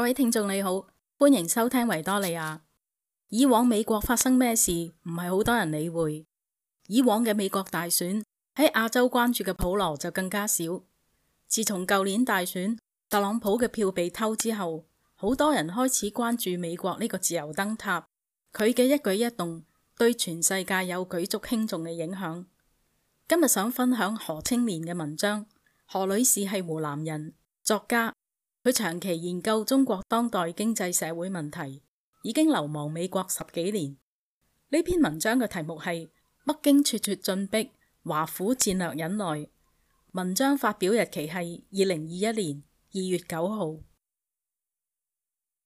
各位聽眾你好，歡迎收聽維多利亞。以往美國發生咩事，唔係好多人理會。以往嘅美國大選喺亞洲關注嘅普羅就更加少。自從舊年大選特朗普嘅票被偷之後，好多人開始關注美國呢個自由燈塔，佢嘅一舉一動對全世界有舉足輕重嘅影響。今日想分享何清漣嘅文章，何女士係湖南人，作家。佢長期研究中國當代經濟社會問題，已經流亡美國十幾年。呢篇文章嘅題目係《北京咄咄進逼，華府戰略忍耐》。文章發表日期係二零二一年二月九號。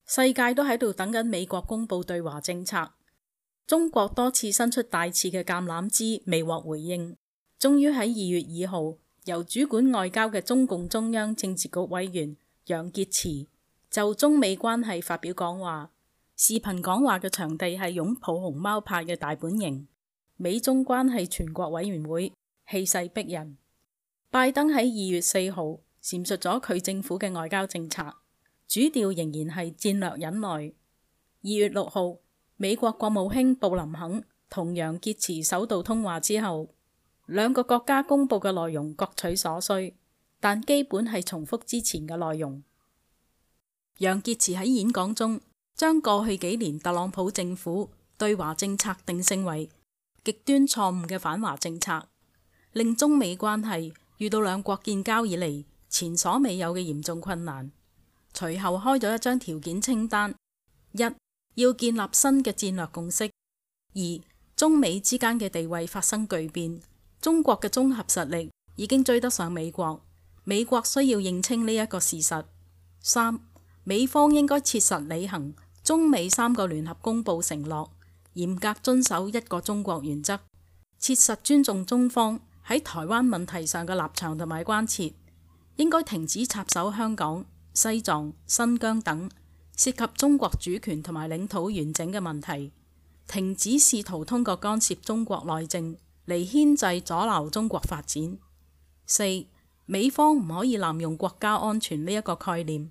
世界都喺度等緊美國公布對華政策，中國多次伸出大刺嘅橄欖枝，未獲回應。終於喺二月二號，由主管外交嘅中共中央政治局委員。楊潔篪就中美關係發表講話，視頻講話嘅場地係擁抱熊貓派嘅大本營，美中關係全國委員會，氣勢逼人。拜登喺二月四號闡述咗佢政府嘅外交政策，主調仍然係戰略忍耐。二月六號，美國國務卿布林肯同楊潔篪首度通話之後，兩個國家公布嘅內容各取所需。但基本係重複之前嘅內容。楊潔篪喺演講中將過去幾年特朗普政府對華政策定性為極端錯誤嘅反華政策，令中美關係遇到兩國建交以嚟前所未有嘅嚴重困難。隨後開咗一張條件清單：一要建立新嘅戰略共識；二中美之間嘅地位發生巨變，中國嘅綜合實力已經追得上美國。美國需要認清呢一個事實。三，美方應該切實履行中美三個聯合公佈承諾，嚴格遵守一個中國原則，切實尊重中方喺台灣問題上嘅立場同埋關切，應該停止插手香港、西藏、新疆等涉及中國主權同埋領土完整嘅問題，停止試圖通過干涉中國內政嚟牽制阻撓中國發展。四。美方唔可以濫用國家安全呢一個概念，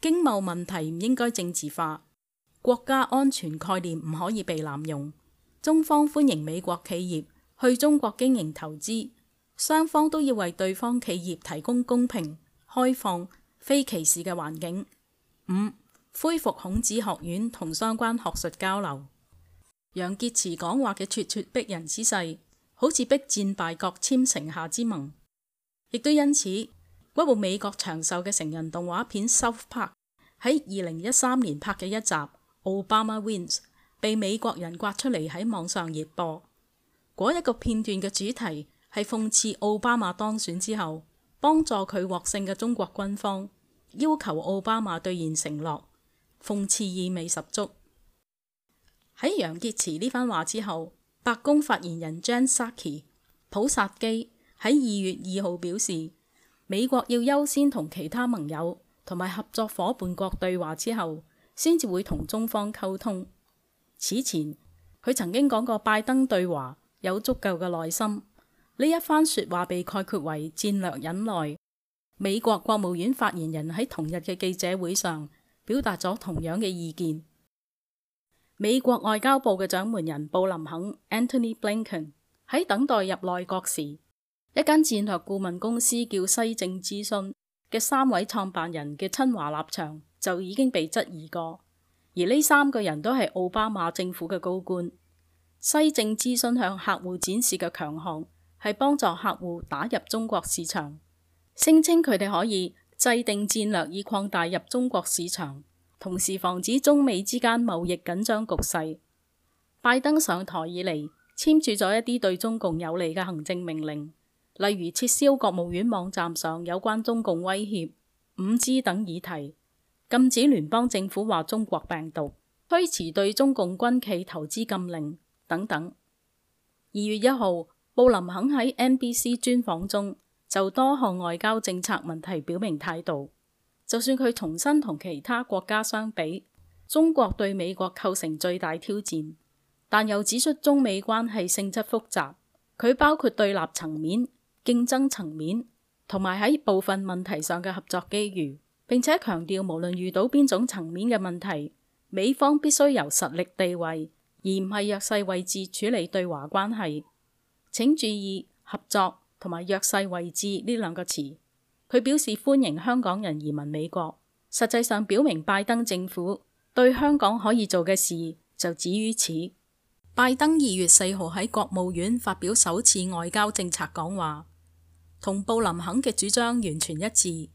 經貿問題唔應該政治化，國家安全概念唔可以被濫用。中方歡迎美國企業去中國經營投資，雙方都要為對方企業提供公平、開放、非歧視嘅環境。五、恢復孔子學院同相關學術交流。楊潔篪講話嘅咄咄逼人之勢，好似逼戰敗國簽城下之盟。亦都因此，嗰部美國長壽嘅成人動畫片《South Park》喺二零一三年拍嘅一集《Obama Wins》被美國人刮出嚟喺網上熱播。嗰一個片段嘅主題係諷刺奧巴馬當選之後幫助佢獲勝嘅中國軍方，要求奧巴馬兌現承諾，諷刺意味十足。喺楊潔篪呢番話之後，白宮發言人 Jen Saki 普薩基。喺二月二號表示，美國要優先同其他盟友同埋合作伙伴國對話之後，先至會同中方溝通。此前佢曾經講過，拜登對華有足夠嘅耐心。呢一番説話被概括為戰略忍耐。美國國務院發言人喺同日嘅記者會上表達咗同樣嘅意見。美國外交部嘅掌門人布林肯 （Antony Blinken） 喺等待入內閣時。一間戰略顧問公司叫西政諮詢嘅三位創辦人嘅親華立場就已經被質疑過，而呢三個人都係奧巴馬政府嘅高官。西政諮詢向客戶展示嘅強項係幫助客戶打入中國市場，聲稱佢哋可以制定戰略以擴大入中國市場，同時防止中美之間貿易緊張局勢。拜登上台以嚟，簽署咗一啲對中共有利嘅行政命令。例如撤銷國務院網站上有關中共威脅五 G 等議題，禁止聯邦政府話中國病毒，推遲對中共軍企投資禁令等等。二月一號，布林肯喺 NBC 專訪中就多項外交政策問題表明態度。就算佢重新同其他國家相比，中國對美國構成最大挑戰，但又指出中美關係性質複雜，佢包括對立層面。競爭層面同埋喺，部分問題上嘅合作機遇，並且強調無論遇到邊種層面嘅問題，美方必須由實力地位而唔係弱勢位置處理對華關係。請注意合作同埋弱勢位置呢兩個詞。佢表示歡迎香港人移民美國，實際上表明拜登政府對香港可以做嘅事就止於此。拜登二月四號喺國務院發表首次外交政策講話。同布林肯嘅主張完全一致，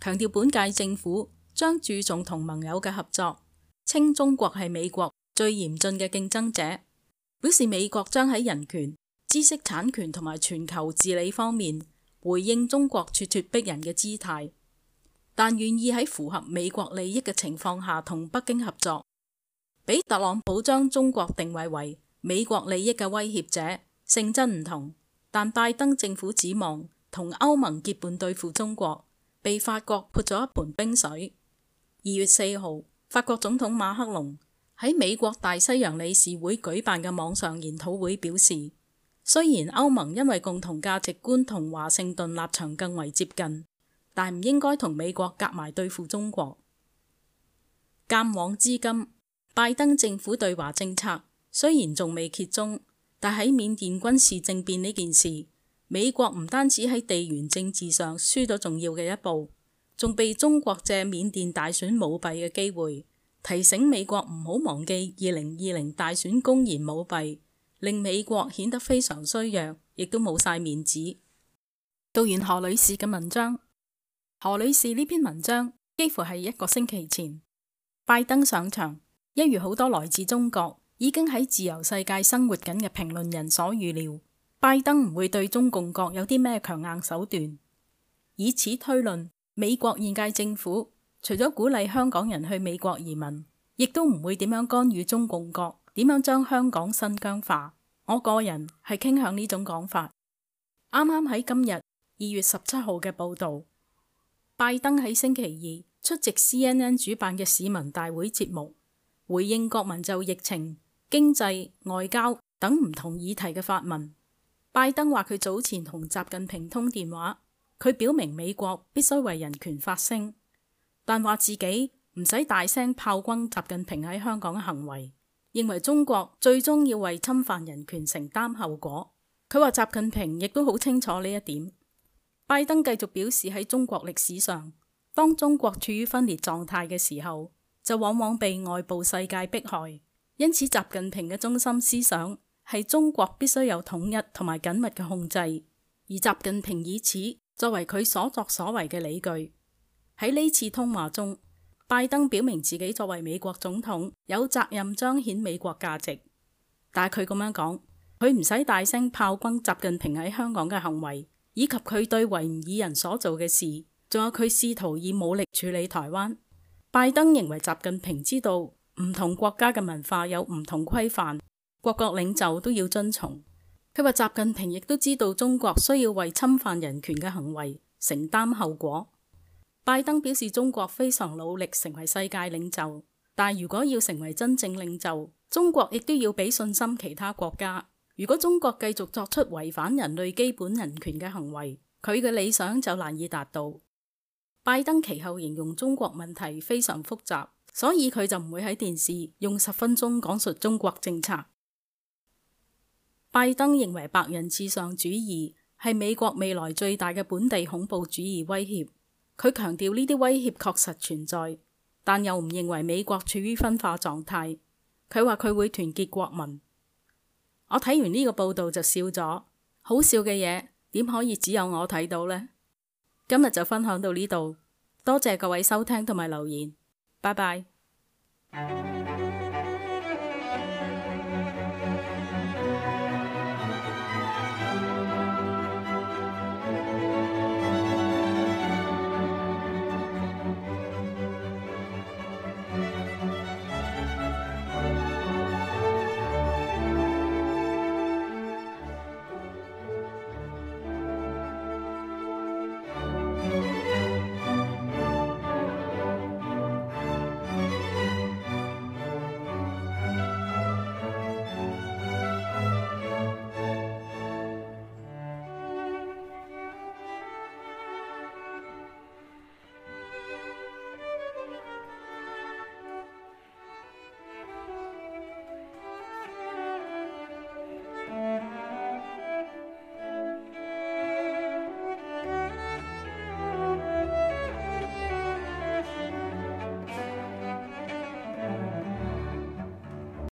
強調本屆政府將注重同盟友嘅合作，稱中國係美國最嚴峻嘅競爭者，表示美國將喺人權、知識產權同埋全球治理方面回應中國咄咄逼人嘅姿態，但願意喺符合美國利益嘅情況下同北京合作。比特朗普將中國定位為美國利益嘅威脅者，性質唔同，但拜登政府指望。同歐盟結伴對付中國，被法國潑咗一盆冰水。二月四號，法國總統馬克龍喺美國大西洋理事會舉辦嘅網上研討會表示，雖然歐盟因為共同價值觀同華盛頓立場更為接近，但唔應該同美國夾埋對付中國。鑒往至今，拜登政府對華政策雖然仲未揭盅，但喺緬甸軍事政變呢件事，美國唔單止喺地緣政治上輸咗重要嘅一步，仲被中國借緬甸大選舞弊嘅機會提醒美國唔好忘記二零二零大選公然舞弊，令美國顯得非常衰弱，亦都冇晒面子。讀完何女士嘅文章，何女士呢篇文章幾乎係一個星期前拜登上場，一如好多來自中國已經喺自由世界生活緊嘅評論人所預料。拜登唔會對中共國有啲咩強硬手段，以此推論，美國現屆政府除咗鼓勵香港人去美國移民，亦都唔會點樣干預中共國點樣將香港新疆化。我個人係傾向呢種講法。啱啱喺今日二月十七號嘅報道，拜登喺星期二出席 CNN 主辦嘅市民大會節目，回應國民就疫情、經濟、外交等唔同議題嘅發問。拜登話佢早前同習近平通電話，佢表明美國必須為人權發聲，但話自己唔使大聲炮轟習近平喺香港嘅行為，認為中國最終要為侵犯人權承擔後果。佢話習近平亦都好清楚呢一點。拜登繼續表示，喺中國歷史上，當中國處於分裂狀態嘅時候，就往往被外部世界迫害，因此習近平嘅中心思想。係中國必須有統一同埋緊密嘅控制，而習近平以此作為佢所作所為嘅理據。喺呢次通話中，拜登表明自己作為美國總統，有責任彰顯美國價值，但係佢咁樣講，佢唔使大聲炮轟習近平喺香港嘅行為，以及佢對維吾爾人所做嘅事，仲有佢試圖以武力處理台灣。拜登認為習近平知道唔同國家嘅文化有唔同規範。各國領袖都要遵從。佢話習近平亦都知道中國需要為侵犯人權嘅行為承擔後果。拜登表示，中國非常努力成為世界領袖，但如果要成為真正領袖，中國亦都要俾信心其他國家。如果中國繼續作出違反人類基本人權嘅行為，佢嘅理想就難以達到。拜登其後形容中國問題非常複雜，所以佢就唔會喺電視用十分鐘講述中國政策。拜登認為白人至上主義係美國未來最大嘅本地恐怖主義威脅。佢強調呢啲威脅確實存在，但又唔認為美國處於分化狀態。佢話佢會團結國民。我睇完呢個報道就笑咗，好笑嘅嘢點可以只有我睇到呢？今日就分享到呢度，多謝各位收聽同埋留言，拜拜。